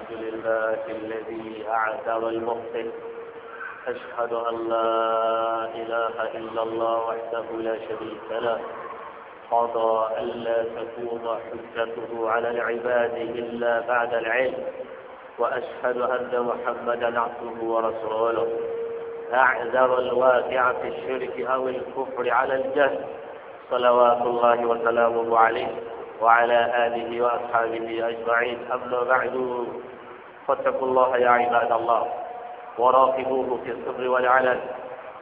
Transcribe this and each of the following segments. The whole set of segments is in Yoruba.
الحمد لله الذي أعدى والمخطئ أشهد أن لا إله إلا الله وحده لا شريك له قضى ألا تكون حجته على العباد إلا بعد العلم وأشهد أن محمدا عبده ورسوله أعذر الواقع في الشرك أو الكفر على الجهل صلوات الله وسلامه عليه وعلى آله وأصحابه أجمعين أما بعد فاتقوا الله يا عباد الله وراقبوه في السر والعلن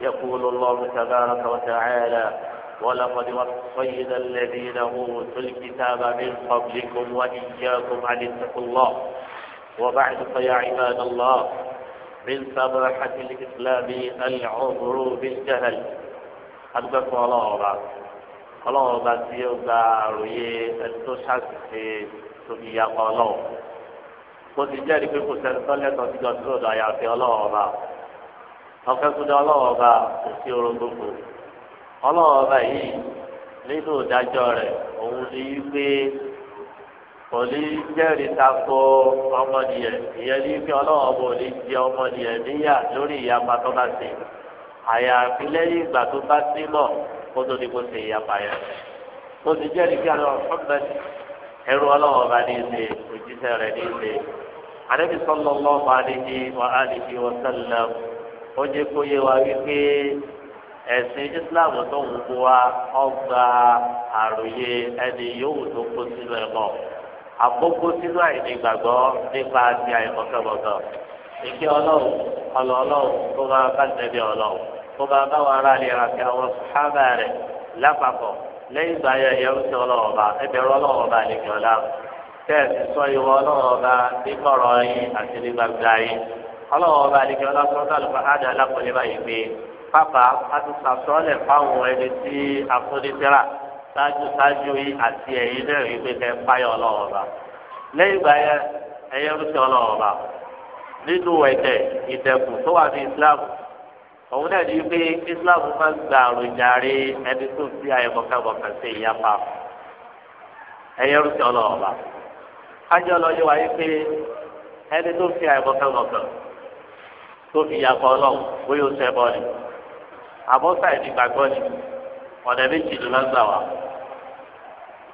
يقول الله تبارك وتعالى ولقد وصينا الذين أوتوا الكتاب من قبلكم وإياكم أن اتقوا الله وبعد فيا عباد الله من سماحة الإسلام العمر بالجهل أدبك الله ọlọ́run ọba tí ó gba àròyé ẹni tó ṣàṣìṣe tóbi yapa ọlọ́run kó ti jẹ́rìí pé kò sẹ́ni tọ́lẹ́tọ̀ sí gan tó lọ́dọ̀ àyàfi ọlọ́run ọba ọ̀fẹ́ kúndé ọlọ́run ọba kò sí orun gbogbo ọlọ́run ọba yìí nínú ìdájọ́ rẹ̀ òun ni wípé kò ní jẹ́rìí tako ọmọnìyàn ìyẹn ní wípé ọlọ́run ọba ò ní jẹ ọmọnìyàn níyà lórí ìyapa tó bá ṣe àyàfi lẹ́yìn ìgbà tó bá sí mọ́ kótó ni kó ṣe ìyapa yẹn mo sì jẹ́rìí kí alọ́ ọ̀fọ́mẹ́ ẹrú ọlọ́wọ́ bá ní ṣe òjíṣẹ́ rẹ̀ ní ṣe àdébí sọ́lọ́ lọ́wọ́ àdéhì wà àdéhì wọ́n sẹ́lẹ̀ ó jẹ́ kó yé wa wípé ẹ̀sìn Islam tó ń bu wa ọgbà àròyé ẹni yòówù tó kó sínú ẹ̀mọ́ àkókò sínú àìní gbàgbọ́ nípa ti àìmọ́kẹ́mọ́kẹ́ ìkí ọlọ́run ọlọ́run tó máa bá tẹ̀lé ọlọ́run kó bá báwọn aráàlú yẹn àti àwọn sùhábà rẹ̀ lápapọ̀ lẹ́yìn ìgbà yẹn yẹn ń sọ ọlọ́wọ́ ọba ẹbẹ̀rún ọlọ́wọ́ ọba nìkan ọ̀la tẹ́ẹ̀sì sọ ìwọ ọlọ́wọ́ ọba nígbọ̀rọ̀ yín àti ní gbangba yín ọlọ́wọ́ ọba nìkan ọ̀la sọ dálùbọ̀ ádà lápọ̀lẹ́ báyìí pé pápá a ti sàsọ́ọ̀lẹ̀ fáwọn ẹni tí afúnisẹ́ra ṣáájú ṣáájú yín àti ẹ̀yin náà rí pé kẹ́ páyọ̀ ọlọ́wọ́ ọba lẹ́yìn ìgbà yẹn ẹ̀yẹ́ ń ọlọ́wọ́ ọba nínú ẹ̀tẹ̀ ìtẹ̀kù òun náà di pé Islam máa ń gba àròjàre ẹni tó fi àyẹ̀mọ̀kẹ́mọ̀kẹ́ sí ìyapa ẹ̀yẹ rúkì ọlọ́ọ̀ba kájọ́ lọ yẹ wáyé pé ẹni tó fi àyẹ̀mọ̀kẹ́mọ̀kẹ́ tó fi ìyapa ọlọ́ọ̀ bóyá ó sẹ́ bọ́ọ̀lì àbọ̀sà ìdìgbàgbọ́ ni ọ̀nà méjì ló lọ́gbà wá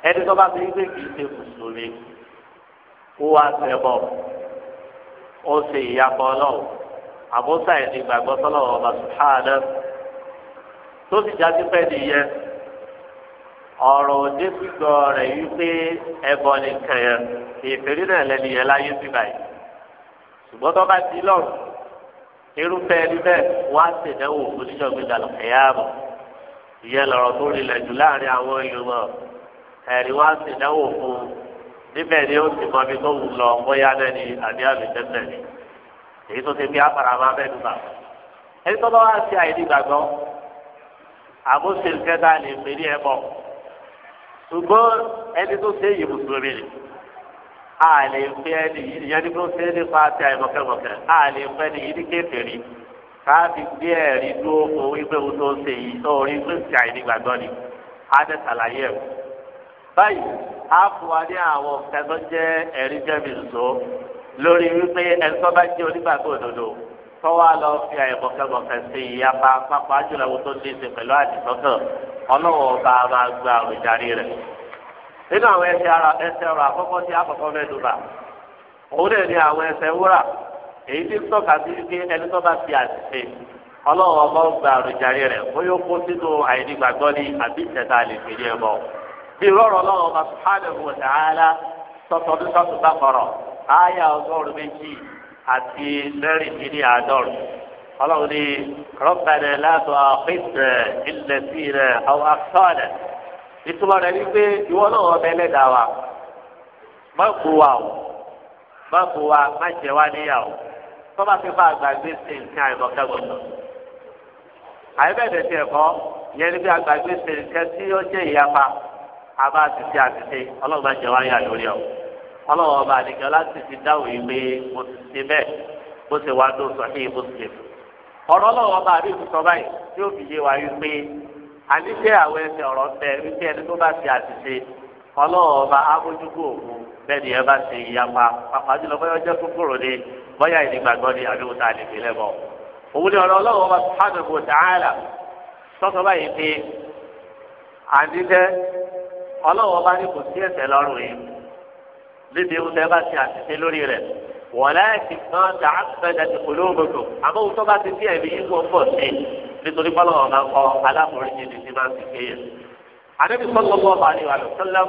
ẹni tó bá fi gbé kìí ṣe mùsùlùmí ó wá sẹ́ bọ́ọ̀ ó ṣe ìyapa ọlọ́ọ̀ àbúsà ẹni gbàgbọ́ sọ́lọ́wọ́ ọba sùhánà tó sì já sí pẹ́ẹ́lí yẹn ọ̀rọ̀ òde gbígbọ́ rẹ̀ yí pé ẹbọ nìkan yẹn ìfèrí náà lẹ́nu yẹn láyé sí báyìí ṣùgbọ́n tó bá di lọ́rùn irúfẹ́ ẹni bẹ́ẹ̀ wá ṣèdánwò fún níjọ́gbé dàlọ́ ẹ̀yàmọ̀ ìyẹn lọ̀rọ̀ tó rinlẹ̀ jù láàrin àwọn ìlúmọ̀ ẹ̀rí wá ṣèdánwò fún níbẹ̀ ni ó sì mọ ibi tó wù lọ bóyá náà ni àbí àbí tẹ́tẹ́ ni èyí tó ṣe bí afárá máa bẹ́ẹ̀ dùbà èyí tó bá wá sí àìní gbàgbọ́ àbóṣe kẹta lè pè ní ẹbọ ṣùgbọ́n ẹni tó ṣe yìí mùsùlùmí ni a lè pè ẹni yìí ìyẹn ní kó ṣe nípa ti àìmọ̀kẹ́mọ̀kẹ́ a lè pè ẹni yìí ní kéferì káàbí gbé ẹ̀rí dúró fún wípé o tó ṣe yìí tó rí pé ti àìní gbàgbọ́ ni a tẹ̀ ṣàlàyé ẹ̀ báyìí a fún wa ní àwọn kẹtọ́ jẹ́ ẹ̀rí jẹ́bi ṣòṣò lórí wípé ẹ̀sọ́ bá jẹ́ onígbàgbọ́ òdodo tọ́wọ́ lọ fi àìbọ̀kẹ́bọ̀kẹ́ sí ìyapa pápá jùlọ àwọn tó ní í ṣe pẹ̀lú àdìsọ́kàn ọlọ́wọ́ ọba máa gba àwùjárí rẹ̀. nínú àwọn ẹsẹ̀ ara ẹsẹ̀ ọ̀rọ̀ àkọ́kọ́ tí àkọ́kọ́ mẹ́dùbà òun náà ní àwọn ẹsẹ̀ wúrà èyí tí tọ́ka sí wípé ẹni tó bá fi àṣìṣe ọlọ́wọ́ ọba gba àwùjárí rẹ̀ ó yóò kó sínú àìdígbàgbọ́ ní àbí ìtẹ̀ta lè fi ní ẹ̀bọ. bí rọ̀rọ̀ ọlọ́wọ́ ọba Aya ọgọ́rùn méjì àti mẹ́rìndínlẹ́ àádọ́rùn ọlọ́run ní rọ́bàdà látọ̀ àfẹ́sẹ̀ ilẹ̀ sí rẹ̀ àwọn akọ́ọ̀dà ìtumọ̀ rẹ̀ ni pé ìwọ náà ọbẹ̀ ẹlẹ́dàá wa má kú wa o má kú wa má jẹ wá níyàwó tọ́ba fi bá àgbàgbé ṣe nǹkan àìmọ̀kẹ́ gbọ́dọ̀ àyẹ̀bẹ̀dẹ̀ tiẹ̀ kọ́ yẹn ni bí àgbàgbé ṣe nǹkan tí ó jẹ́ ìyapa àbá àtìsí àtìsí ọlọ́run má jẹ wá níyàwó ọlọ́wọ́ ọba àdìgẹ́ láti fi dáwọ̀ mo ti ṣe bẹ́ẹ̀ bó ṣe wá tó sọ ní muslim ọ̀rọ̀ ọlọ́wọ́ ọba àbí ìfúsọ báyìí tí ó fi yé wa yìí àníṣe àwọn ẹsẹ̀ ọ̀rọ̀ tẹ wípé ẹni tó bá ṣe àṣìṣe ọlọ́wọ́ ọba bẹ́ẹ̀ ni ẹ bá ṣe ìyapa pàpà jùlọ bóyá ọjọ́ kúkúrò ni bóyá ni àbí òun lẹ́bọ̀ òun níbi ohun tẹ́ bá ti àtìsí lórí rẹ̀ wọ̀lẹ́ẹ̀kì kan tà á fẹ́ẹ́ ti kò lóògùn àmọ́ ohun tó bá ti sí ẹ̀mí ikú ọ̀pọ̀ sí i nítorí pálọ̀ ọ̀nà kọ aláforíjì ni ti máa ń fi kéye. àdébí sọ́kọ̀ bọ́ ọba ni wàlú sẹ́lẹ̀m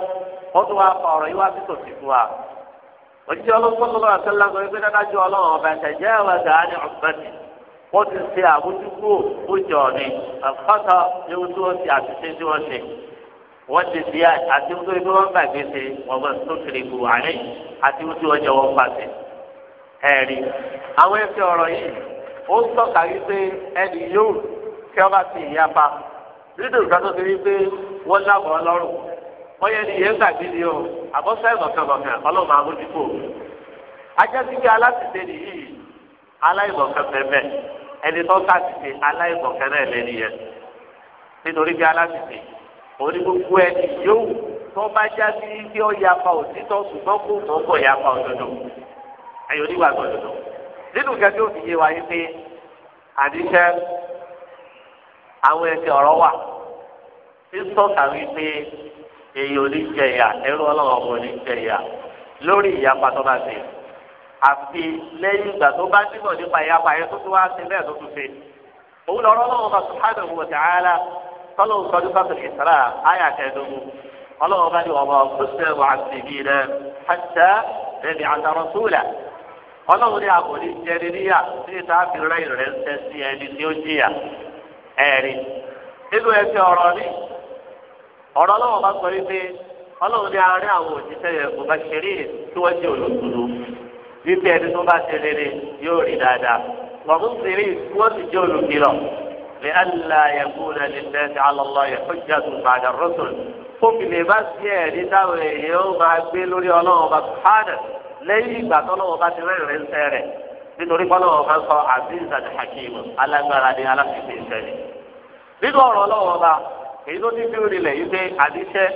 wọ́n tún wá pa ọ̀rọ̀ yìí wá sí tòsí fún wa. òjijì ọlọ́sọ́kọ̀ bọ́ sẹ́lẹ̀m sọ pé dáadáa ju ọlọ́run ọba ẹ̀sẹ̀ jẹ́ ẹ̀wẹ̀ dàání ọ̀gbẹ́ni wọ́n ti ṣe àbójúkú òjò ni àkọ́tọ̀ ewu wọ́n ti àtúnṣe tí wọ́n ṣe wọ́n ti di àti wọ́n tó ibi wọ́n gbàgbé ṣe wọ́n bá tó kiri bu àlẹ́ àti wọ́n tí wọ́n jẹ wọ́n pàṣẹ. ẹ̀rí àwọn ẹ̀fẹ́ ọ̀rọ̀ yìí ó ń tọ́ka wípé ẹni yóò kí wọ́n bá ti ìyá pa nínú ìgbà tó ti rí pé wọ́n lábọ̀ ọlọ́rùn wọ́n yẹ ni yẹn gbàgbé ni o àbọ̀sẹ̀ ìmọ̀kànmọ̀kàn ọlọ́run àmójútó ajásígbé alásìse nìyí aláìmọ̀kàn mẹ́mẹ́ ẹni tó sàtìsẹ aláìmọ̀kàn òní gbogbo ẹni yóò tó bá já sí kí ó yapa òtítọ́ ṣùgbọ́n kó mọ̀ ọ́ bọ̀ yapa òdodo ẹ̀yọ́ nígbà òdodo nínú gẹ́gẹ́ òfin yé pé àdìsẹ́ àwọn ẹsẹ̀ ọ̀rọ̀ wà tí ń tọ́ka wípé èèyàn oníjẹyà ẹrú ọlọ́run ọmọ oníjẹyà lórí ìyapa tó bá ṣe àfi lẹ́yìn ìgbà tó bá nímọ̀ nípa ìyapa yẹn tó tún wá ṣe bẹ́ẹ̀ tó tún ṣe òun lọ́rọ́ lọ́wọ́ bá sùn tọ́lọ́wọ́ sọ́dún sọ́tún ìsàrà ayà kẹ́ẹ̀dógún ọlọ́wọ́ bá ní ọmọ ọ̀gbọ́sẹ̀ wà síbi rẹ̀ hàtà rẹ̀mí àtàrọ̀ sóòlà ọlọ́wọ́ ní àkòrí jẹni níyà ní ìta àfihàn rẹ̀ ń tẹ́ sí ẹni tí ó jìyà ẹ̀rí nínú ẹsẹ̀ ọ̀rọ̀ ni ọ̀rọ̀ ọlọ́wọ́ bá sọ wípé ọlọ́wọ́ ní àárín àwọn òṣìṣẹ́ yẹn kò bá ṣeré tí wọ́n jẹ́ olóṣèlú wípé ẹni tó bá ṣe rere yóò rí dáadáa wọ́n mú ṣeré tí wọ́n sì jẹ́ olùkìlọ̀ لئلا يكون للناس على الله حجة بعد الرسل fún mi lè bá sí ẹ̀rí táwọn èèyàn ó máa gbé lórí ọlọ́run ọba sùhánà lẹ́yìn ìgbà tọ́lọ́run ọba ti rẹ́rìn ńsẹ́ rẹ̀ nítorí pọ́lọ́run ọba sọ aziz àti hakim alágbára ní aláfíìsì ìṣẹ̀lẹ̀. nínú ọ̀rọ̀ ọlọ́run ọba èyí tó ní bíi orílẹ̀ yìí pé àdíṣẹ́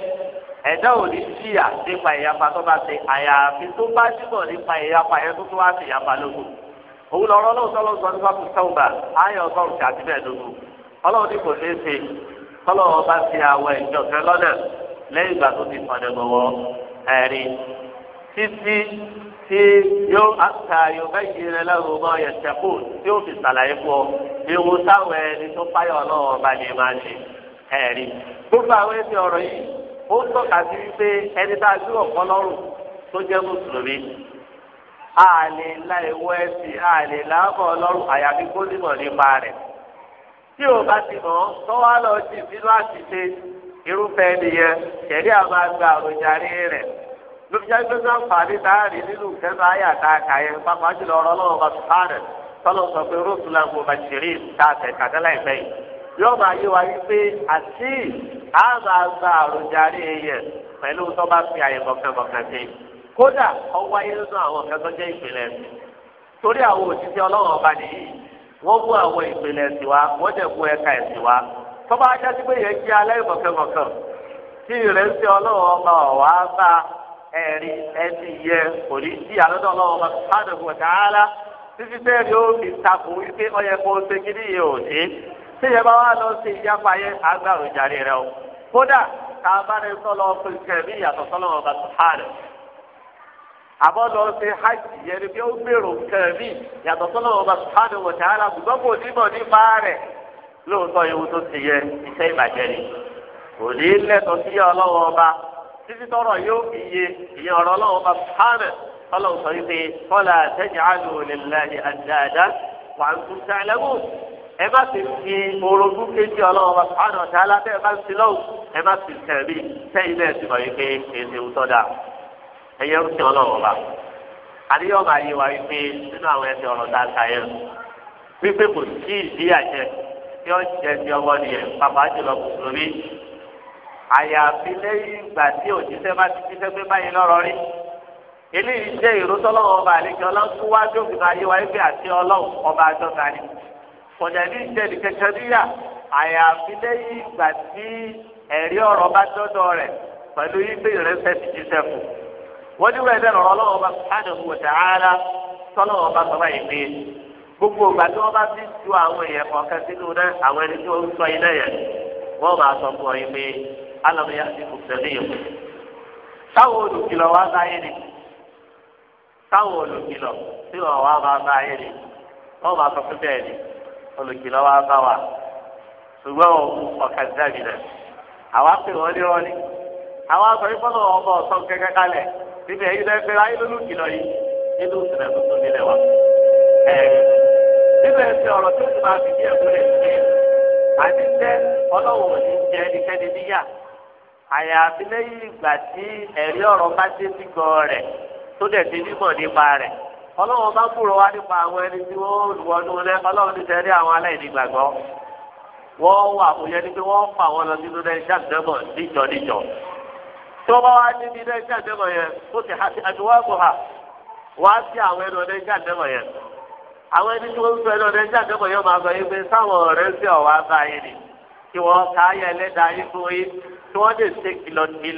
ẹ̀dá ò ní síyà nípa ìyapa tó bá ṣe àyàfi tó bá jùmọ̀ nípa ìyapa yẹn tó tó wá sí ìyapa lókun òun lọ́rọ́ lọ́wọ́ sọ́lọ́ sọ nípa fún sọ́ọ̀bà ayé ọgọ́rùn-ún àti bẹ́ẹ̀ lógún ọlọ́run ní kò ṣeé ṣe kọ́lọ́wọ́ bá ti àwọ̀ ẹ̀jọ̀ fẹ́ lọ́nà lẹ́yìn ìgbà tó ti pọnẹ gbọ́wọ́ ẹ̀rí títí tí yóò àtà yóò bẹ́ yìí rẹ lẹ́rù mọ́ yẹ̀sẹ̀kù tí ó fi ṣàlàyé fún ọ ewu táwọn ẹni tó fáyọ̀ ọlọ́run ọba ni máa ṣe ẹ̀rí gbogbo àwọn ẹni ọ̀rọ̀ yìí ó tọ́ka sí wípé ẹni tá a gbé ọ̀pọ̀ lọ́rùn tó jẹ́ mùsùlùmí àlè ńlá ìwọ ẹsìn àlè làákọ̀ ọlọ́run àyàfi kó nímọ̀ nípa rẹ̀ tí o bá ti mọ̀ tọ́wọ́ lọ sí sínú àṣìṣe irúfẹ́ nìyẹn tẹ̀lé àwọn àgbà àròjàre rẹ̀ lóbi jáde pé sáǹfààní táàrí nínú ìkẹ́nu àyà tá a kà yẹn pápá jùlọ ọ̀rọ̀ ọlọ́run bá tún fáàrẹ̀ tọ́lọ̀ sọ pé rọ́ọ̀tùlá ń bọ̀bà ṣeré tá a tẹ̀ kàdálà ìfẹ́ yìí yóò máa yé wa wípé àti àmà àgbà àròjàre yẹn pẹ̀lú tọ́ bá fi àyè mọ̀kànmọ̀kàn ṣe. kódà ọwọ́ ayé àwọn kẹsàn jẹ́ torí àwọn òṣìṣẹ́ ọlọ́run ọba nìyí wọ́n mú àwọn ikpele ẹ̀sìn wọ́n dẹ̀ mú ẹ̀ka ẹ̀sìn wa tọ́ba ajá pé yẹn jẹ́ alẹ́ tí ìrẹsì ọlọ́run ọba ọ̀wá bá ẹ̀rí yẹ kò ní sí ọba títí bẹ́ẹ̀ ni ó fi a àbọ̀ lọ ṣe hajj yẹn ni pé ó gbèrò nǹkan mi yàtọ̀ tó lọ́wọ́ bá sùpàdé wọ̀ tààlà ṣùgbọ́n kò ní mọ̀ nípa rẹ̀ lóòótọ́ ewu tó ti yẹ iṣẹ́ ìbàjẹ́ ni kò ní lẹ́tọ̀ sí ọlọ́wọ́ ọba títí tọrọ yóò fi yé ìyẹn ọ̀rọ̀ ọlọ́wọ́ bá sùpàdé ọlọ́wọ́ sọ wípé kọ́lá tẹ́jà àlù òlìláyè àdáadá wà ń tún sálẹ́mù ẹ má sì fi orogún kejì ọlọ́wọ́ bá sùpàdé ọ̀tá ẹyẹ ń sìn ọlọ́run ọba àdéhùn ọba yìí wá wípé nínú àwọn ẹsẹ̀ ọ̀rọ̀ tá a ta yẹn wípé kò sí ìdí àjẹ tí ó jẹ ti ọmọ nìyẹn bàbá jùlọ mùsùlùmí àyàfi lẹ́yìn ìgbà tí bá ti pé báyìí rí eléyìí ọba àlejò wá jókòó ayé wa wípé àti ọba àjọta ni àyàfi ìgbà wọ́n ní wẹ́ẹ́ bẹ̀rẹ̀ ọlọ́wọ́ bá subhanahu wa ta'ala tọ́lọ́wọ́ bá pé gbogbo ìgbà tí wọ́n bá ti ju àwọn èèyàn kọ̀ọ̀kan sínú náà àwọn ẹni tí wọ́n sọ iná yẹn wọ́n máa sọ fún ọ yìí pé ti kù sẹ́lẹ̀ yìí táwọn olùkìlọ̀ wá ni táwọn olùkìlọ̀ tí wọ́n wá bá níbi ẹ̀yin lẹ́gbẹ́ ayé lólu kìlọ̀ yìí nínú ìsìnlẹ̀ tuntun nílẹ̀ wa. níbẹ̀ ṣe ọ̀rọ̀ tó ti máa fi bí ẹ̀kú rẹ̀ ṣe àti tẹ́ ọlọ́wọ́ ní jẹ́ ẹnikẹ́ni níyà. àyàfi lẹ́yìn ìgbà tí ẹ̀rí ọ̀rọ̀ bá dé sí gan rẹ̀ tó dẹ̀ ti nímọ̀ nípa rẹ̀ ọlọ́wọ́ bá kúrò wá nípa àwọn ẹni tí wọ́n wọnú rẹ̀ ọlọ́wọ́ ti tẹ̀lé àwọn aláìní gbàgbọ́ wọ́n wà pé wọ́n fà lọ sínú rẹ̀ tọ́ba ní ilé iṣẹ́ ha ti ha wá sí àwọn ẹnu ọdẹ iṣẹ́ àdébọ̀ yẹn àwọn ẹni tí wọ́n ń ọdẹ iṣẹ́ yẹn máa sọ yín pé sáwọn ọ̀rẹ́ sí ọ̀wá bá yín ni kí wọ́n ká yín fún yín ní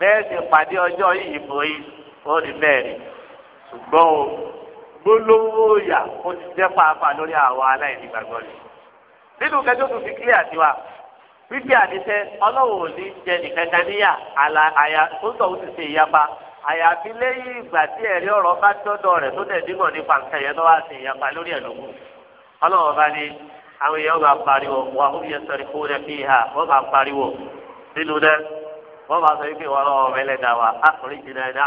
bẹ́ẹ̀ ni ṣùgbọ́n o gbólóhùn òòyà ó ti jẹ́ pàápàá lórí àwọn ni fífi àdìsẹ ọlọ́wọ́ ní jẹ nìkan kan níyà àlà àyà tó ń tọ̀hún ti ṣe ìyapa àyàfi lẹ́yìn ìgbà tí ẹ̀rí ọ̀rọ̀ bá dọ́dọ̀ rẹ̀ tó tẹ̀ dímọ̀ nípa nǹkan yẹn tó wá ṣe ìyapa lórí ẹ̀ lógún ọlọ́wọ́ bá ní àwọn èèyàn bá pariwo wà ó yẹ sọ̀rọ̀ kó rẹ̀ fi hà wọ́n bá pariwo nínú dẹ́ wọ́n bá sọ wípé wọ́n lọ́wọ́ mẹ́lẹ́dà wa ákùnrin jìnnà ẹ̀dá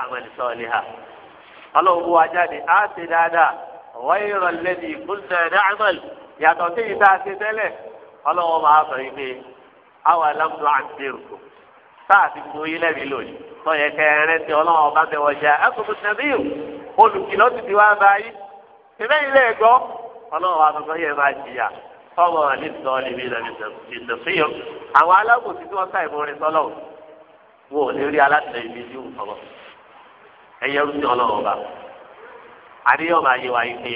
àwọn sọ àwọn alámùdó àǹtẹ̀rùkọ sáà ti gbogbo yín lẹ́rìí lónìí lọ́yẹ kẹrin tí ọlọ́run ọba bẹ wọ́n ṣe ẹkùnrin sẹ́bíù olùkìlọ́ ti di wá báyìí ṣẹlẹ̀ ilé ẹ̀gọ́ ọlọ́run wa gbogbo yẹn máa jìyà ọmọ àlè sọ́ọ́lì mi lọ ìdọ̀fíyọ̀ àwọn alágbòsí tí wọ́n sá ìmúrin sọ́lọ̀ wo ní rí alátìlẹyìn mi ní ìwòsàn ẹ̀yẹ rúbí ọlọ́run ọba àníyàn máa yẹ wá yìí pé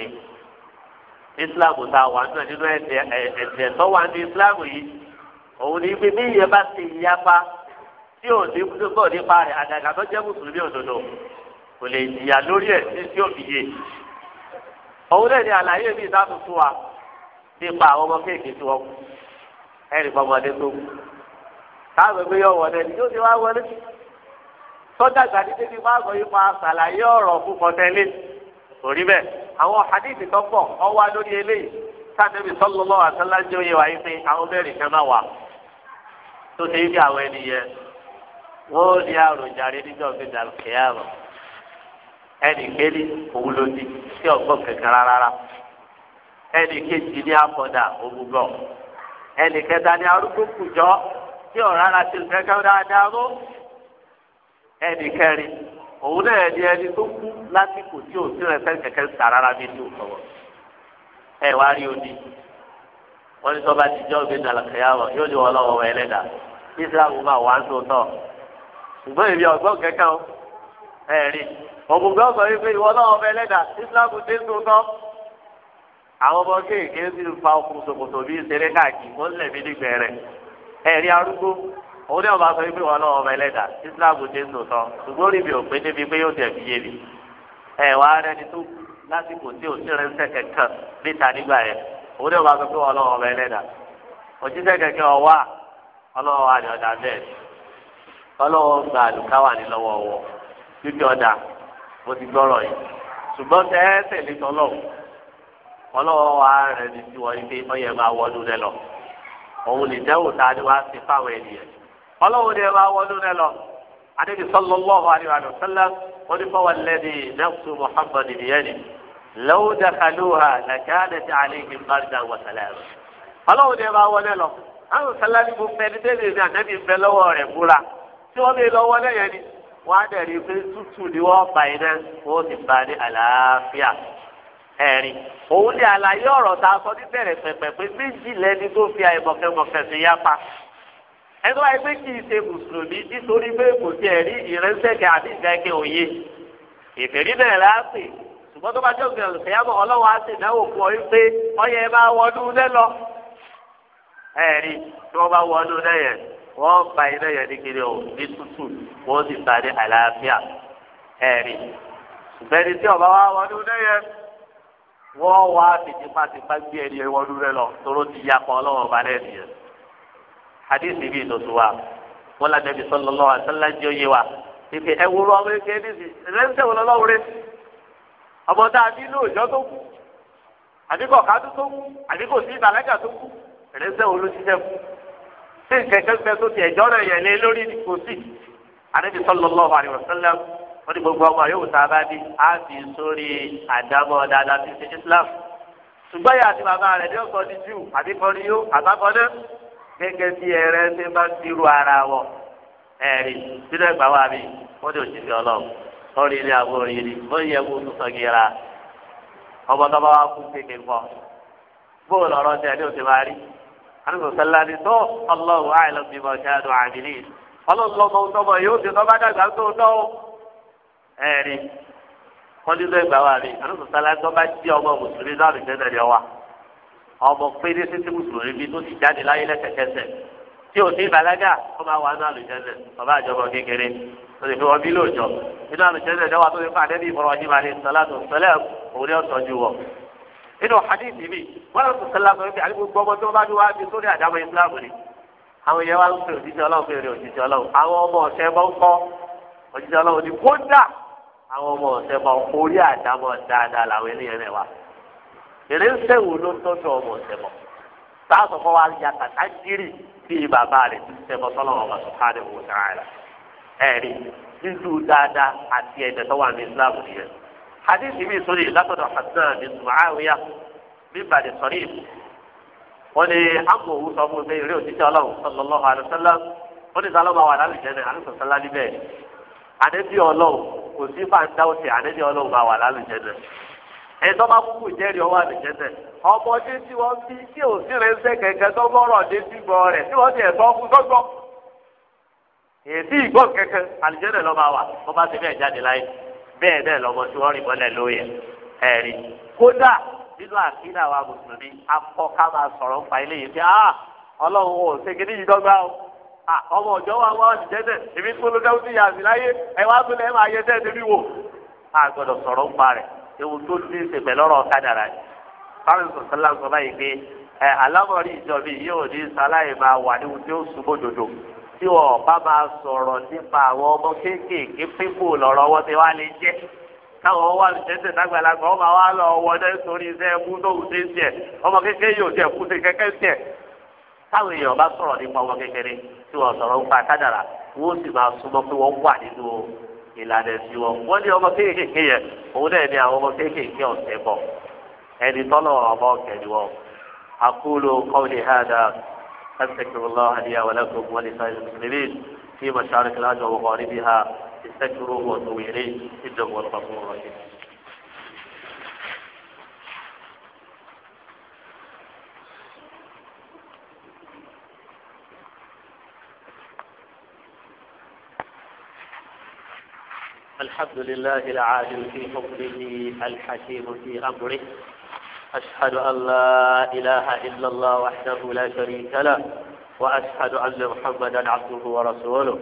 islam ta wà nínú ẹ̀sẹ̀ tó wà ní islam yìí òun ní pé bí ìyẹn bá ti yapa tí ò ní gbọ́ nípa rẹ̀ àgàgà tó jẹ́ mùsùlùmí òdodo kò lè jìyà lórí ẹ̀ tí tí ò fi yé òun lè ní àlàyé mi ìta tuntun wa nípa àwọn ọmọ kéèké tí wọ́n kú ẹ̀rì pọmọdé tó kú káàbẹ̀ pé yọ wọlé ni yóò ti wá wọlé sọ́jà gbàdí débi máa gbọ́ yípa àṣàlàyé ọ̀rọ̀ fún kọ́tẹ́lé torí bẹ́ẹ̀ àwọn hadith tó pọ̀ ọwọ́ adóni eléyìí sáà débi sọ́lọ́lọ́ àtàlájọ́ yẹ wáyé pé àwọn mẹ́rin kan náà wà tó ṣe é bí àwọn ènìyàn wọ́n ó di àròjàre níjọ́ fi dàrú kẹ́yàrá ẹnì kéde òun ló di sí ọgbọ́n kankan rárá ẹnì kejì ní afọ̀dà ògùgbọ̀ ẹnì kẹta ní arúgbó kùjọ́ tí ọ̀rọ̀ ara ti kankan dáadáa mọ́ ẹnì kẹrin òun náà ni ẹni tó kú lásìkò tí òun ti rẹ fẹ́ kẹ̀kẹ́ ń ta rárá mi ní òkọ̀wọ́ ẹ wá rí odi wọ́n ní sọ́ba ti jọ́ òbí nàlàkẹ́yà wọ̀ yóò ní wọ́n lọ́wọ́ wọ islam ma wà so tọ̀ ṣùgbọ́n èmi ọ̀gbọ́n kẹ́kẹ́ o ẹ̀rí ògùnbẹ́ ọ̀sọ̀ yìí pé ìwọ náà ọbẹ̀ lẹ́dà islam dé tó tọ́ àwọn ọmọ kéèké okùn bíi káàkiri mí arúgbó òun ní ọba sọ pé ìwọ náà ọbẹ̀ lẹ́dà ṣùgbọ́n ọlọ́wọ́ wa ni ọ̀dà bẹ́ẹ̀ ọlọ́wọ́ gba àlùkáwà ní lọ́wọ́ wọ bíbí ọ̀dà mo ti gbọ́rọ̀ yìí ṣùgbọ́n tẹ́ ẹ tẹ̀lé tọ́lọ̀ ọlọ́wọ́ wa rẹ̀ ní ti wọ ibi ọyẹ máa wọdún rẹ lọ òun lè dẹ́wò tá a ní wá sí fáwọn ènìyàn ọlọ́wọ́ ni ẹ máa wọdún rẹ lọ adébí sallallahu alaihi wa sallam wọ́n ní fọwọ́ lẹ́ni nafsu muhammadu nìyẹn lọ́wọ́ dàkàlùwà ìgbìmọ̀ àdìgbà wọ̀ àwọn sálá ni mo fẹ́ ní tẹ́lẹ̀ ní ànábì ń bẹ lọ́wọ́ rẹ̀ múra tí wọ́n lè lọ́wọ́ lẹ́yìn ni wọ́n á dẹ̀ rí i pé tútù ni wọ́n bá yín náà wọ́n sì bá ní àlàáfíà ẹ̀rín òun ni àlàyé ọ̀rọ̀ tá a sọ ní bẹ̀rẹ̀ pẹ̀pẹ̀ pé méjì lẹni tó fi àìmọ̀kẹ́mọ̀kẹ́ sí yapa ẹni tó wáyé pé kì í ṣe mùsùlùmí nítorí pé kò sí ẹ̀rí ìrẹsẹ̀kẹ̀ àti ìgbẹ́kẹ̀ òye ìfèrí bẹ̀rẹ̀ láàpè ṣùgbọ́n tó bá jẹ́ ọ̀sẹ̀ yàgò ọlọ́wọ́ á sì náwó fún ọ ẹ̀rí tí wọ́n bá wọnú lẹ́yẹ̀ wọ́n ba iná ní kiri o ní tútù wọ́n sì ba ní àlàáfíà ẹ̀rí ìbẹ́ni tí ọba wa lẹ́yẹ̀ wọ́n wá tìtìpátìpá gbé ẹni rẹ lọ tóró ti ya pa ọlọ́wọ́ ba yẹn hadith bíi wa wọ́n lajẹ́ bí jẹ́ oyé wa ẹ ọmọ lọ́wọ́ ìrẹsẹ̀ wo ló ṣiṣẹ́ fún ṣé kẹ̀kẹ́ fẹ́ tó ti ẹ̀jọ́ náà yẹn lé lórí kò sí àdébí sallallahu alaihi wasallam wọ́n ní gbogbo ọmọ yóò tá a bá bí á fi sórí àdámọ́ dáadáa fi ṣe Islam ṣùgbọ́n yà àti bàbá rẹ̀ ní ọ̀sán ní jù àti kọ́ni yó àbábọ́ náà gẹ́gẹ́ bí ẹrẹ́ ṣe máa ń dirú ara wọ̀ ẹ̀rí sínú ẹgbà wa mi wọ́n ní òṣìṣẹ́ ọlọ́run lórí ilé àwọn orin wọ́n yẹ kó tó sọ̀gìrà ọmọ tó bá wà kú kékeré pọ̀ bóòlù ọ̀rọ̀ tẹ̀ ní òṣèlú àdúgbò sọlá ni tó ọlọ́run àìlọ́ bí mo ṣe àdùn àmìlí ọlọ́run lọ́mọ ọmọ yóò ti tọ́ba dàgbà tó náà ẹ̀rí wọ́n nílò ìgbà wa rí àdúgbò sọlá tó bá jí ọmọ mùsùlùmí náà lè tẹ́lẹ̀ ní ọwa ọmọ pédé títí mùsùlùmí bí tó ti jáde láyé lẹ́sẹ̀kẹsẹ̀ tí ò sí ìbàlágà ó máa wà náà lùjẹ́sẹ̀ bàbá àjọmọ kékeré tó lè nínú àlùjẹ́sẹ̀ náà wà nínú hadith mi wọn lọ sọsọ la sọ̀rọ̀ pé àlẹ gbogbo ọmọ tí wọn bá ní wàá fi islam ni àwọn yẹn wàá fi òjijì Ọlọ́run fi rí òjijì Ọlọ́run àwọn ọmọ ọsẹ bọ ń kọ òjijì Ọlọ́run ni kódà àwọn ọmọ ọsẹ bọ orí àdámọ̀ dáadáa làwọn eléyẹn rẹ wà èrè ń sẹwò ló ń tọ́jú ọmọ ọsẹ bọ sáàsọ fọwọ́ àyà tàtà gírì bíi bàbá rẹ ti sẹbọ sọlọ ọmọ sọfáàdé wò sáà rẹ ẹ̀rí dídú dáadáa àti ẹ̀dẹ̀ tó wà ní islam nìyẹn hadith mi sori látọ̀dọ̀ hasan bin muawiya bí bàdé sọ̀rí wọ́n ní àgbo òwú sọ fún mi eré òtítọ́ ọlọ́run sallallahu alaihi wasallam wọ́n ní sálọ́mà wà lálẹ́ jẹ́ náà àlùsọ̀ sálá níbẹ̀ àdébí ọlọ́run kò sí fàǹdà òsì àdébí ọlọ́run bá wà lálẹ́ jẹ́ náà ẹ̀tọ́ bá kúkú jẹ́rìí ọwọ́ àlùjẹ́ náà ọmọdé tí wọ́n fi tí ò sí rẹ̀ ń sẹ́ kẹ̀kẹ́ tó gbọ́rọ̀ dé sí gbọ́ rẹ̀ tí wọ́n ti ẹ̀tọ́ fún gbọ́gbọ́ èsì ìgbọ́ kẹ̀kẹ́ àlùjẹ́ náà lọ́ bẹ́ẹ̀ náà lọ́mọ tí wọ́n rìn mọ́lẹ̀ lóye ẹ̀rí kódà nínú àkídà wa mùsùlùmí akọ ká máa sọ̀rọ̀ nípa ilé yìí pé ah ọlọ́run ò ọmọ wa wá òṣìṣẹ́ tẹ̀ èmi tó ló sí láyé ẹ wá lẹ́ máa yẹ tẹ́ débi wò. a gbọ́dọ̀ sọ̀rọ̀ nípa rẹ̀ ewu tó ti ṣe fáwọn báyìí pé tí wọn bá bá sọ̀rọ̀ nípa àwọn ọmọ kéékèèké pípò lọ́rọ̀ wọn ti wá lè jẹ́ káwọn wà wọn lọ wọlé sórí iṣẹ́ ọmọ kékeré yóò tiẹ̀ kú sí kẹ́kẹ́ tiẹ̀ táwọn èèyàn bá sọ̀rọ̀ nípa ọmọ kékeré tí wọn sọ̀rọ̀ nípa kádàrà wọn sì máa súnmọ́ pé wọ́n wà nínú ìlànà ẹ̀sìn wọn wọ́n ọmọ kéékèèké yẹn òun náà ní àwọn ọmọ kéékèèké ọ̀sẹ̀ bọ̀ ẹni tọ́lọ̀ ọmọ wọn. فاستغفر الله لي ولكم ولسائر المسلمين في مشارق الأرض ومغاربها استغفروه واتوبوا إليه إنه هو الغفور الرحيم الحمد لله العادل في حكمه الحكيم في أمره أشهد أن لا إله إلا الله وحده لا شريك له وأشهد أن محمدا عبده ورسوله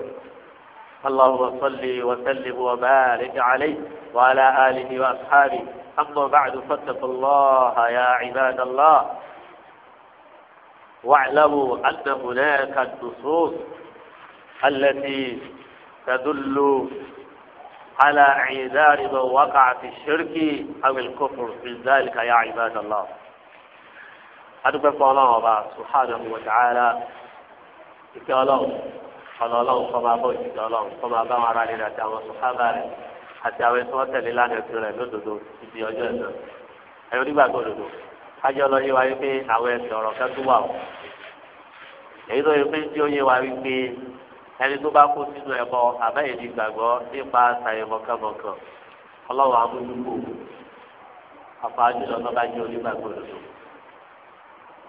اللهم صل وسلم وبارك عليه وعلى آله وأصحابه أما بعد فاتقوا الله يا عباد الله واعلموا أن هناك النصوص التي تدل على عذار من وقع في الشرك أو الكفر من ذلك يا عباد الله أدب الله سبحانه وتعالى إكالهم قال الله صلى الله عليه وسلم صلى الله عليه وسلم صحابة àti àwọn ẹni tó wọ́n tẹ̀lé lánàá ìpín rẹ̀ lódodo ibi ọjọ́ ẹ̀sán ẹ̀rọ nígbàgbọ́ òdodo kájọ lọ yé wa wípé àwọn ẹ̀sìn ọ̀rọ̀ kan tó wà o èyí tó yẹ pé tí ó yé wa wípé ẹni tó bá kó sínú ẹbọ àbẹ́yẹ ní gbàgbọ́ nípa àtàyẹ̀mọ̀kànmọ̀kàn ọlọ́run amúlùkù àfàájúlọ lọ́ba jẹ́ onígbàgbọ́ lòdò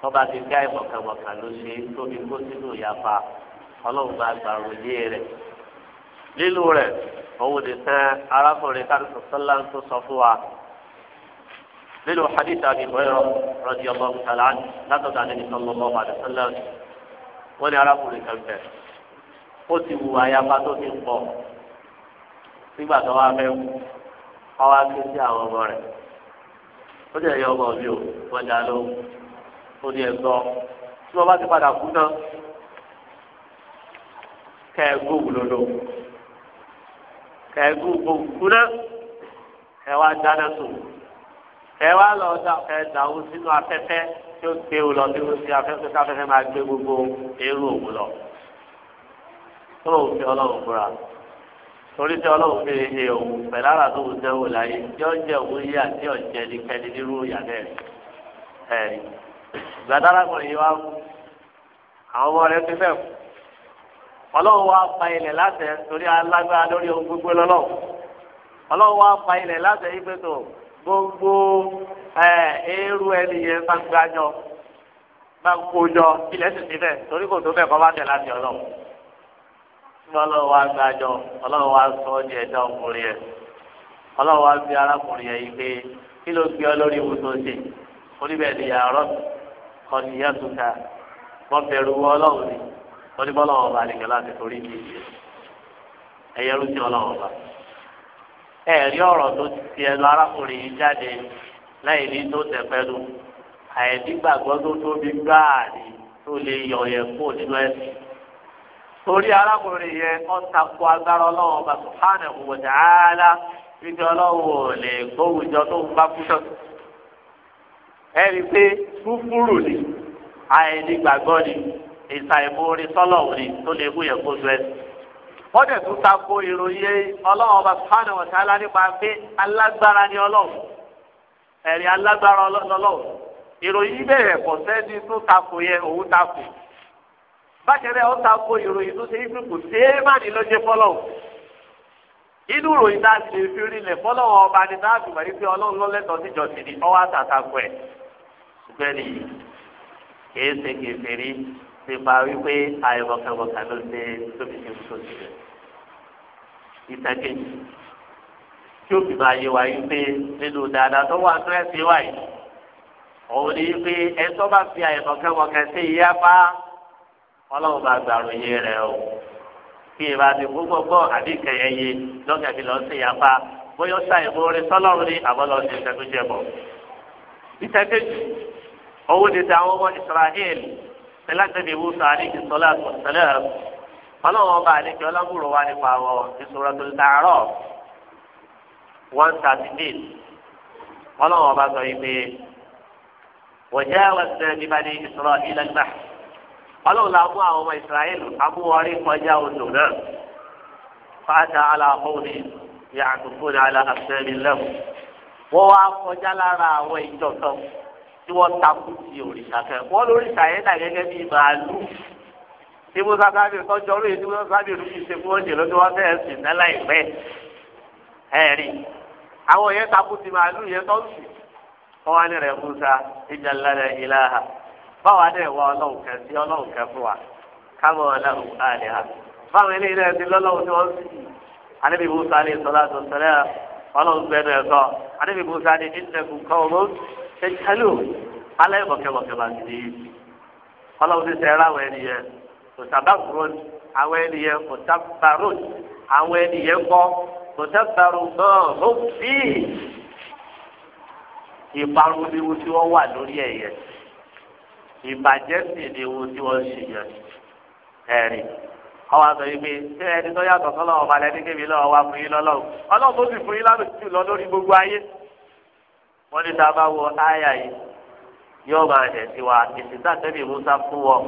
lọ́ba ti ká ìmọ̀kànmọ̀kàn ló ṣe tóbi kó sínú ìyàfa ọlọ́run máa gbà ròyé rẹ̀ lílù rẹ̀ òun ní sẹ́ arákùnrin káàdùn sọ́lá tó sọ fún wa lílù hadith àbí ìwéèrọ rọ̀dìọ̀bọ̀ tàlá látọ̀dọ̀ àdébìtàn lọ́mọ́ wọ́n ní arákùnrin kan bẹ̀rẹ̀ ó ti wù àyàfa tó ti pọ̀ nígbà tó wá fẹ́ wù wá ké sí àwọn ọmọ rẹ̀ ó jẹ́ ìyá ọmọ mi ò wọ́n dá ló ó ní ẹ̀gbọ́ tí wọ́n bá ti padà kú náà kẹ́ gbóhùn lọ́dọ̀ kẹ́ ẹ gbóhùn kú náà kẹ́ wá dáná sùn kẹ́ wá lọ dá kẹ́ ẹ sínú afẹ́fẹ́ tí ó gbé wù lọ bí wọ́n ti afẹ́fẹ́ máa gbé gbogbo eérú òun kúrò òfin ọlọ́run fúnra torí tí ọlọ́run fi he òun tó ń dẹ́wò láyé tí ó jẹ́ òun yíyà tí ó jẹ́ ẹnikẹ́ni nírú ìyá gbàdárakùnrin yìí wá àwọn ọmọ rẹ̀ fi fẹ́ ọlọ́run wá pa ilẹ̀ torí alágbára lórí ohun gbogbo lọ́lọ́ ọlọ́run wá pa ilẹ̀ yí pé tó gbogbo eérú ẹni yẹn ilẹ̀ sì ti fẹ́ ọlọ́run wa gbàjọ ọlọ́run wa ẹ̀dá ọkùnrin yẹn ọlọ́run wa arákùnrin yẹn yìí pé kí ló gbé ọ lórí wọ́n bẹ̀rù ọlọ́run ni wọ́n ní ọba nìkan láti torí ní ẹ̀yẹ ló ti ọlọ́run ọba. ọ̀rọ̀ tó ti arákùnrin yìí jáde ní torí arákùnrin yẹn ọ̀tàkù agbára ọlọ́run ọba subhanahu wa ala fífi ọlọ́run ò lè gbóhùnjọ tó ń bá kúṣọ̀. ẹ rí i pé fúfúrù ni àìnígbàgbọ́ ni ni tó lè mú yẹn kó ẹ. wọ́n dẹ̀ tún ìròyìn ọlọ́run ọba nípa pé alágbára ni ọlọ́run ẹ̀rí alágbára ọlọ́run ìròyìn bẹ̀rẹ̀ pọ̀ sẹ́ni tó bákan náà ó ta ko ìròyìn tó ṣe ibi kò ṣe é má ní lọ́jẹ́ fọ́lọ́ inú ìròyìn tá a ti fi rinlẹ̀ fọ́lọ́ ọba ni tá a fi wáyé pé ọlọ́run lọ́lẹ́tọ̀ọ́ síjọ sí ni ọwọ́ àtàtàkùn ẹ̀ ṣùgbọ́n ni kìí ṣe kèfèrí nípa wípé àìmọ̀kànmọ̀kà ló ṣe tóbi ṣe tó ṣe rẹ̀ ìtàkejì tí ó máa yé wa yìí pé nínú dáadáa tó wà tó ẹ̀sìn wáyé òun ni pé ẹ̀ tó bá fi àìmọ̀kànmọ̀kà ṣe ìyá pa á ọlọ́run bá gbàrò yé rẹ o kí ìbá ti gbogbo gbọ́ àbí kẹyẹ yé lọ́gà bí lọ́ọ́ sí yapa bóyá sáyẹn bóore sọlọ́run ní àbọ̀lọ́ sí ìtẹ́kùjẹ́ bọ̀. ìtẹ́kùjẹ́ owó ti ta àwọn ọmọ Israẹli ẹlẹ́tẹ̀bí musa àdìgí sọlá àtọ̀sẹ́lẹ̀ ọlọ́run ọba àdìgí ọlọ́múrò wa nípa àwọn ìṣòro tó dàárọ̀ one thirty eight ọlọ́run ọba sọ yìí pé wọ́n jẹ́ àwọn ìṣẹ́ni ọlọ́run la mú àwọn ọmọ israẹl amúwárí kọjá odò náà fàtà aláhóni yàtúkú ní aláàfẹ́rí lẹ́wọ̀n wọ́n wá kọjá lára àwọn ìjọ kan tí wọ́n takú sí òrìṣà kẹ wọ́n lórí sàyẹ́dà gẹ́gẹ́ bíi màálù tí musa sábì tọ́jú ọ̀rọ̀ yìí tí musa sábì rú fi ṣe fún oúnjẹ lọ́dún wọn fẹ́ẹ́ sìn náà láìpẹ́ ẹ̀rí àwọn yẹn takú sí màálù yẹn tó ń wọ́n wá ní rẹ̀ báwa dẹ̀ wá ọlọ́run kẹ sí ọlọ́run kẹ fún wa káwọn ọlọ́run àlẹ́ ha báwọn eléyìí náà ti lọ́lọ́run tí wọ́n sì ànábì musa ní sọlá tó ṣẹlẹ̀ ọlọ́run gbẹnu ẹ̀ sọ ànábì musa ní ìtẹ̀kùn kọ́ọ̀mù ṣèjálù alẹ́ mọ̀kẹ́mọ̀kẹ́ bá ti di yìí ọlọ́run ti sẹ́yìn láwọn ènìyàn kò sábàkúrò àwọn ènìyàn kò sábàrò àwọn ènìyàn kọ́ kò sábàrò náà ó fi ìparun ìbàjẹ́ sì ni ewu tí wọ́n ṣe yẹn ẹ̀rí àwọn àgbẹ̀ yìí pé ṣé ẹni tó yàtọ̀ sọ́lọ́ ọba lẹ́ni kébi lọ́wọ́ wa fún yín lọ́lọ́run ọlọ́run tó sì fún yín lálùjù lọ lórí gbogbo ayé wọ́n ní tá wọ áyà yìí yóò máa hẹ̀ sí wa èsì sàtẹ́bí musa fún wọn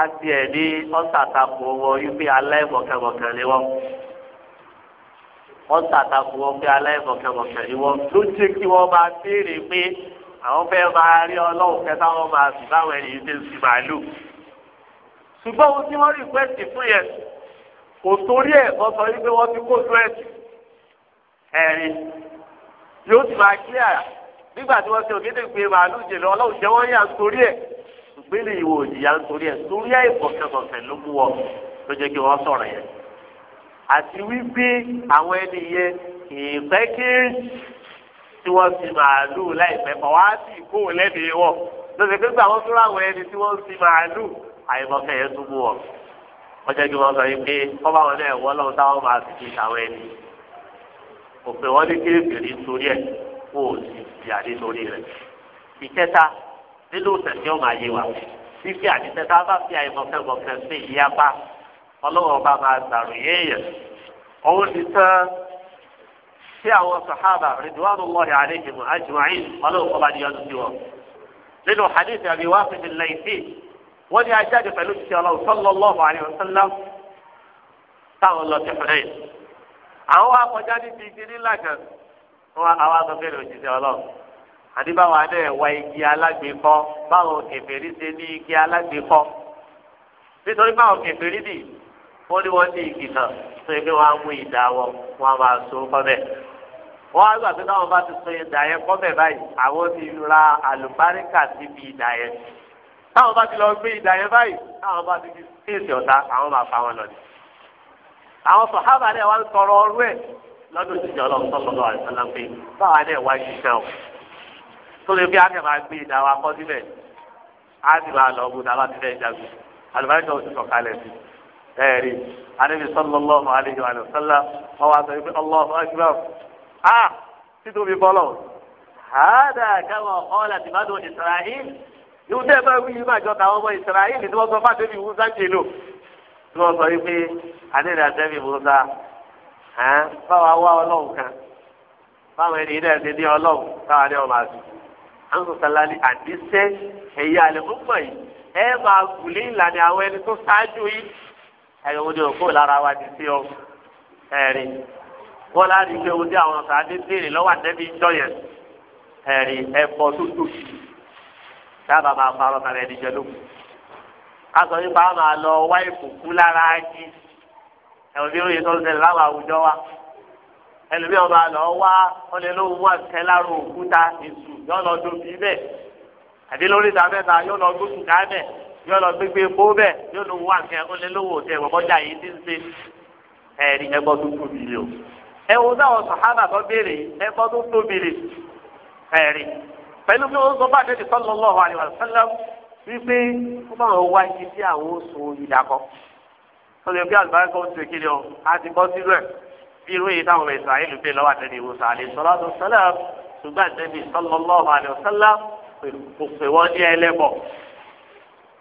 á ti ẹ̀ ní ọ̀sàtàkù wọn yìí pé aláìmọ̀kẹ́mọ̀kẹ́ ni wọ́n ọ̀sàtàkù wọn pé aláìmọ̀kẹ́mọ̀kẹ́ ni wọ́n ló jẹ́ kí wọ́n máa àwọn fẹ́ máa rí ọlọ́run kẹta wọn máa sì báwọn ẹni yìí ṣe ń sin màálù. ṣùgbọ́n ohun tí wọ́n rí ìpẹ́sì fún yẹn kò torí ẹ̀ kọ́ sọ wípé wọ́n ti kó dúrẹ́sì ẹ̀rin yóò ti máa kílẹ̀ àrà nígbà tí wọ́n ṣe ògédè gbé màálù jèlè ọlọ́run jẹ́ wọ́n yà ń torí ẹ̀ ìpínlẹ̀ ìwò òjìyà ń torí ẹ̀ torí ẹ̀ ìkọ̀kẹ́kọ̀kẹ́ ló mú wọn ló jẹ́ kí wọ́n sọ̀rọ̀ yẹn àti wípé àwọn ẹni yẹn ìpẹ́kẹ́rì tí wọ́n fi màálù láìpẹ́ mọ̀ wá sí ìkó lẹ́bi wọ̀ lọ́sẹ̀ pé gbà wọ́n tún láwọn ẹni tí wọ́n fi màálù àìmọ̀kẹ́ yẹn tún mú wọn. wọ́n jẹ́ kí wọ́n sọ yìí pé wọ́n bá wọn náà wọ́n lọ́wọ́ táwọn máa fi fi àwọn ẹni. kò pé wọ́n ní kéèkèrè torí ẹ̀ kó o sì fi àdé torí rẹ̀. ìkẹta nínú tẹ̀sí ọmọ ayé wa fífi àdìsẹ́ta bá fi àìmọ̀kẹ́mọ̀kẹ́ sí ìyapa sí àwọn sàhábà ridwanullahi alayhim ajma'in ọlọ́run kọ́ bá di ọdún sí wọn. nínú hadith àbí Waqid al-Laythi wọ́n ní ajáde pẹ̀lú ti ọlọ́run sallallahu alayhi wa sallam táwọn lọ sí fúnẹ̀. àwọn akọjá níbi igi nílà kan wọn àwọn agbẹ́bẹ̀rẹ̀ òjijì ọlọ́run àdìbáwa náà wá igi alágbèékọ́ báwọn kèfèrí ṣe ní igi alágbèékọ́ nítorí báwọn kèfèrí nìyí wọ́n ní wọ́n ní igi kan tó yẹ pé wọ́n á mú ìdá wọn wọ́n á máa so kọ́bẹ̀. wọ́n á gbà pé táwọn bá ti so ìdá yẹn kọ́bẹ̀ báyìí àwọn ti ra àlùbáríkà síbi ìdá yẹn. táwọn bá ti lọ gbé ìdá yẹn báyìí táwọn bá ti fi fèsì ọ̀tá àwọn máa fa wọn lọ ni. àwọn sọ̀hábà náà wá ń tọrọ ọrú ẹ̀ lọ́dún ìjọ ọlọ́run sọ́kọ̀ọ́ báwa náà wá ṣiṣẹ́ o tó lè fi akẹ́ máa gbé ìdá wa kọ́ síbẹ̀ á sì máa lọ ọgbọ́n tá a bá ti fẹ́ jagun àlùbáríkà ò ti sọ̀kalẹ̀ ẹ̀rí anabi sallallahu alayhi wa sallam ọwọ́ àti ibi allahu akbar a títóbi bọ́lọ̀ hàdà kama ọ̀là tìmádò israel yóò dé bá wíyí máa jọ táwọn ọmọ israel ni wọ́n sọ fún àdébí musa jèlò tí wọ́n sọ wípé adéèrè àdébí musa báwa wá ọlọ́run kan báwọn ènìyàn náà ṣe ní ọlọ́run táwa ní ọmọ àti àǹsọ̀sálá ní àdíṣẹ́ ẹ̀yà àlẹ́ ọmọ yìí ẹ máa gùn ní ìlànà àwọn ẹni tó ṣáájú yìí ẹ̀yọ̀wò ni òkú lára wa ti sí ọ ẹ̀rí wọ́n láti ṣe ohun tí àwọn sàádé béèrè lọ́wọ́ àtẹ́bí ìjọ yẹn ẹ̀rí ẹ̀fọ́ tó tóbi dábàá máa parọ́ kàrẹ́ ẹni jẹ lóko a sọ yín báwọn máa lọ wá ìkùkú lára jí ẹ̀wọ̀n bí oye tó ń ṣẹlẹ̀ láwọn àwùjọ wa ẹlòmíràn máa lọ wá ọlẹ́ ló wà kẹ́ lára òkúta èṣù yóò lọ dóbi bẹ́ẹ̀ àbí lórí ìta mẹ́ta yóò lọ gbósùn ká bẹ́ẹ̀ yóò lọ gbégbé epo bẹ́ẹ̀ yóò lọ wá nǹkan ó lé lówó tẹ ìwọ̀kọ́jà yìí ti ń ṣe ẹ̀rí ẹgbọ́ tó tóbi rè o ẹ wo táwọn sàhábà tó béèrè ẹgbọ́ tó tóbi rè ẹ̀rí pẹ̀lú bí wọ́n sọ bá dé sallallahu alaihi wasallam wípé ó bá wọn wá ibi tí àwọn oṣù ìdàkọ́ ó lè gbé àlùbáríkà oṣù kiri ọ á ti bọ́ sílùú ẹ̀ bí irú èyí táwọn Ísírẹ́lì gbé lọ́wọ́ àtẹ̀lé ìwòsàn àlè sọlá tó sẹlẹ̀ ṣùgbọ́n àtẹ̀lé sallallahu alaihi wasallam pè wọ́n ní ẹlẹ́bọ̀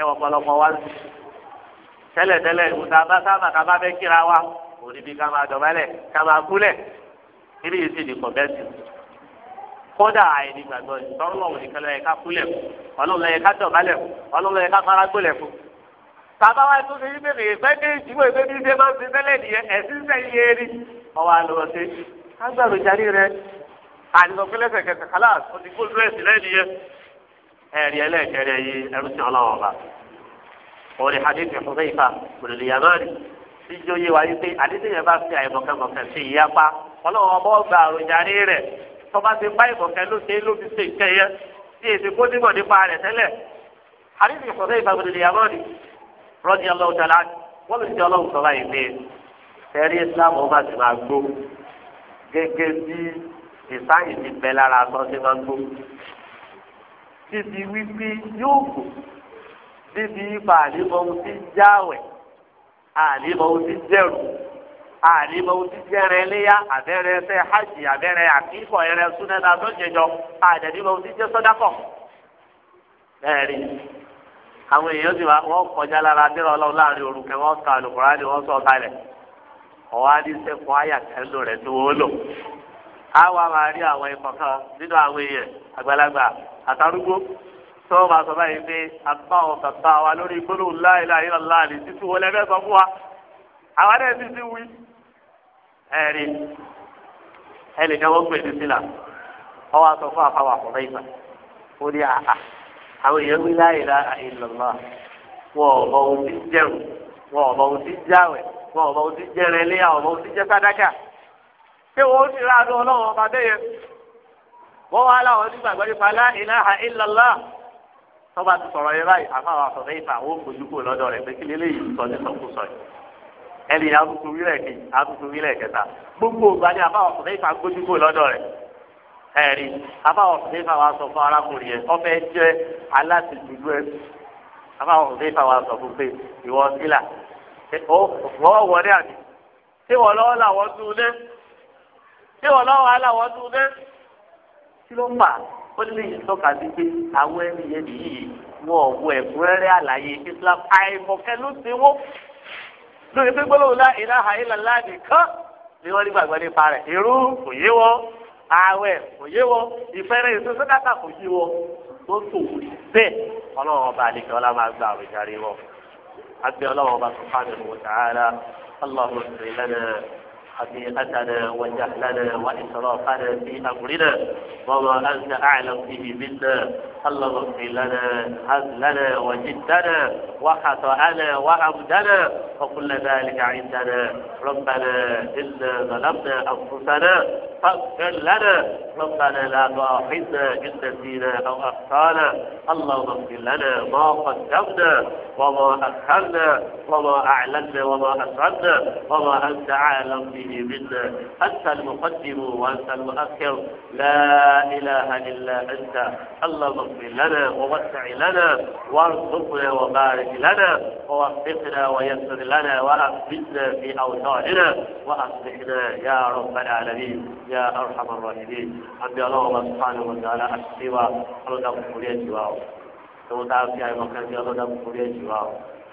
ẹ wọ ọ̀pọ̀lọpọ̀ wa tẹ́lẹ̀tẹ́lẹ̀ ìwòsàn abásáàmà ká bá fẹ́ kíra wa kò níbi ká máa dọ̀bálẹ̀ ká máa kúlẹ̀ níbi yìí sì ní kọ̀bẹ́tì kódà àìní gbàgbọ́ ìtọ́lọ́wọ̀ nìkan lọ́yẹ ká kúlẹ̀ fún ọlọ́run lọ́yẹ ká dọ̀bálẹ̀ fún ọlọ́run lọ́yẹ ká fara gbọ́lẹ̀ fún. bàbá wa tó fi yí bèbè ìfẹ́dé ìdìbò ìfẹ́dé ìdè máa ń fi tẹ́lẹ̀ nìyẹn ẹ̀sìn sẹ́yìn yé rí. wọ́n wá lọ sí agbára ìjarí rẹ̀ àdìsọ̀kúnlẹ̀sẹ̀ kẹsàkálà ó ti ẹ̀rí ẹlẹ́ẹ̀kẹrẹ yìí ẹrúsìn ọlọ́wọ́ ọba òní hadith Hudhayfa gbòdòdì yamani tíjó yé wa wípé àdéhùn yẹn bá fi àìmọ̀kẹ́mọ̀kẹ́ sí ìyapa ọlọ́wọ́ ọba ọgbà àròjàre rẹ̀ tọ́ba ti bá ìmọ̀kẹ́ ló ṣe ló fi ṣe ìkẹyẹ tí èsì kó nímọ̀ nípa rẹ̀ tẹ́lẹ̀ hadith Hudhayfa gbòdòdì yamani rọ́ọ̀dì ọlọ́wọ́ tẹ̀lá wọ́n lè ṣe ọlọ́wọ́ sọ báyìí pé ẹ̀rí islam ọba ti máa gbó gẹ́gẹ́ bí ìsáyìn ti bẹ lára aṣọ ti máa gbó síbi wípé yóò kù síbi ipa àlébọ ohun tí ń jáwẹ àlébọ ohun tí ń jẹrù àlébọ ohun tí ń jẹrẹ ẹlẹyà abẹrẹ ẹsẹ hajj abẹrẹ àkíkọ ẹrẹ súnẹdà lọjẹjọ àdẹnibọ ohun tí ń jẹ sọdákọ bẹ́ẹ̀ni àwọn èèyàn ti wọn kọjá lára dẹrọ Ọlọ́run láàrin orúkẹ wọn ka olùkọrá ni wọn sọ kalẹ̀ ọwọ adíṣẹkùn ayàkẹlò rẹ tí wọn lò á wà máa rí àwọn ikọ̀ kan nínú àwọn èèyàn àgbàlagbà àtàrúgbó tó o máa sọ báyìí pé àtúbà wọn bàbá wa lórí gbólóhùn láìláì láàlì títí wọlé ẹgbẹ́ sọ fún wa àwa náà ti ti wí ẹ̀rí ẹnìkan wọ́n gbèsè sílà ọwọ́ aṣọ fún àfàwà fọ̀rọ̀ ìgbà ó ní àhà àwọn èèyàn wí láìláì ìlọ́lá wọn ò mọ ohun tí jẹun wọn ò mọ ohun tí jáwẹ̀ wọn ò mọ ohun tí jẹrẹ ilé àwọn ohun tí jẹ sádàkà ṣé wọn ó sì ráàánú wọ́n wá láwọn onígbàgbọ́ nípa la ilaha illallah tọ́ba ti sọ̀rọ̀ yẹn báyìí àfàwọn àfọ̀dé ìfà àwọn òfojúkò lọ́dọ̀ rẹ̀ pé kílé léyìí sọ ní sọkúsọ yìí ẹni àtúntò wílẹ̀ kejì àtúntò wílẹ̀ kẹta gbogbo ògbà ni àfàwọn àfọ̀dé ìfà gbójúkò lọ́dọ̀ rẹ̀ ẹ̀rí àfàwọn àfọ̀dé ìfà wa sọ fún arákùnrin yẹn ọfẹ́ kí ló fà ó lè yí tọ́ka sí pé àwọn ẹni yẹn nìyí wọn ò wọ ẹ̀kúnrẹ́rẹ́ àlàyé Islam àìmọ̀kẹ́ ló ti wọ́n lórí pé gbọ́dọ̀ la ilaha illallah nìkan ni wọ́n rí gbàgbọ́ nípa rẹ̀ irú kò yé wọn ààwẹ̀ kò yé wọn ìfẹ́rẹ́ ìsọ́sọ́kàtà kò yé wọn tó tò bẹ́ẹ̀ ọlọ́run ọba àlejò ọlá máa gba àwọn ìdarí wọn àgbẹ̀ ọlọ́run ọba sọ̀kánù wọ̀ حقيقتنا وجهلنا وإسرافنا في أمرنا وما أنت أعلم به منا اللهم اغفر لنا هزلنا وجدنا وخطأنا وعمدنا وكل ذلك عندنا ربنا إنا ظلمنا أنفسنا فاغفر لنا ربنا لا تؤاخذنا إن نسينا أو أخطأنا اللهم اغفر لنا ما قدمنا وما أخرنا وما أعلنا وما أسررنا وما أنت أعلم به بيده منا أنت المقدم وأنت المؤخر لا إله إلا أنت اللهم اغفر لنا ووسع لنا وارزقنا وبارك لنا ووفقنا ويسر لنا وأثبتنا في أوطاننا وأصلحنا يا رب العالمين يا أرحم الراحمين حمد الله سبحانه وتعالى أشتوى أرضا بكرية جواه واو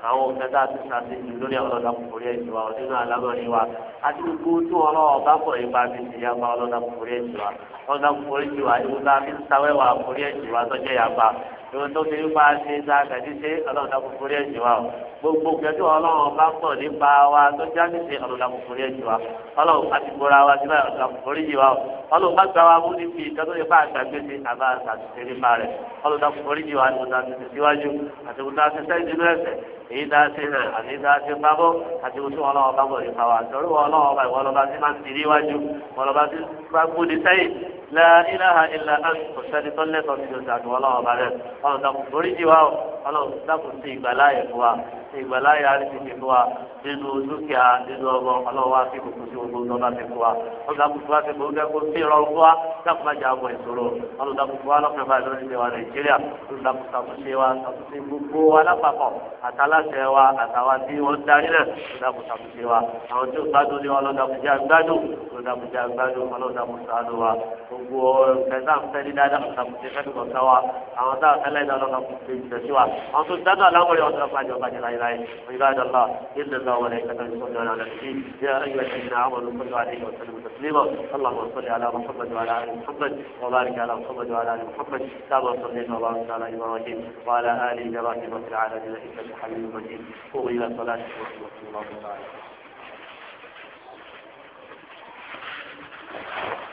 àwọn òfin tá a ti ṣàtìjú lórí àwọn ọlọ́dàkùnrin ẹ̀jẹ̀ wa nínú alámọ̀rin wa àti gbogbo tí wọn lọ́wọ́ bá pọ̀ nípa mi ti yá pa ọlọ́dàkùnrin ẹ̀jẹ̀ wa ọlọ́dàkùnrin ẹ̀jẹ̀ wa ìwúta fi ń sawẹ́wà ọkùnrin ẹ̀jẹ̀ wa tọ́jẹ́ yàgbà ìwọ̀n tó ti pa ṣe ṣe àgàdí ṣe ọlọ́run dàpọ̀ forí ẹ̀jẹ̀ wa o gbogbo gẹ̀ẹ́dù ọlọ́run bá pọ̀ nípa wa tó já ní ṣe ọlọ́run dàpọ̀ forí ẹ̀jẹ̀ wa ọlọ́run bá ti bora wa síbẹ̀ ọlọ́run dàpọ̀ forí yìí wa o ọlọ́run bá gba wa mú níbi ìjọ tó ti pa àgbàgbé ṣe àbá àtúnṣe nípa rẹ̀ ọlọ́run dàpọ̀ forí yìí wa ni mo ta ti síwájú àti mo ta ti sẹ́yìn nínú ẹ̀sẹ̀ èyí dá sí la ilaha illa anta kò sẹ́ni tó lẹ́tọ̀ọ́ sí ọlọ́run dàkú oríjì wa o ọlọ́run dàkú sí ìgbàláyè fún wa sí ìgbàláyè àríṣìṣì fún wa nínú dúkìá nínú ọmọ ọlọ́run wa fi kòkó sí gbogbo ọlọ́run ti fún wa ọlọ́run dàkú fún wa fi gbogbo ẹ̀kọ́ sí ìrọ̀rùn fún wa dàkú má jà àwọn ìṣòro ọlọ́run dàkú fún wa lọ́fẹ̀ẹ́ báyìí lórí ìṣèwà nàìjíríà ọlọ́run dàkú ṣàkóso wa ṣàkóso gbogbo wa lápapọ̀ àtàlàṣẹ wa àtàwa tí wọ́n darí náà ọlọ́dàkùn ṣàkóso wa àwọn ẹlẹ́dàá ọlọ́run fi ìtẹ̀sí wa àwọn tó dáná aláwọ̀rẹ́ ọ̀dọ́ ọ̀pájọ ọ̀pájọ láyéláyé ìbáraẹ̀dá ọ̀la ilẹ̀ lọ wọlé ìkẹta ìṣòro ọ̀la lẹ́sí yẹ ayé ẹ̀sìn náà àwọn olùkọ́jọ́ àdéhùn ọ̀sẹ̀ المسلمة اللهم صل على محمد وعلى آل محمد وبارك على محمد وعلى آل محمد كما صليت وبارك على إبراهيم وعلى آل إبراهيم في العالمين إنك حميد مجيد قوم إلى صلاتك ورحمة الله وبركاته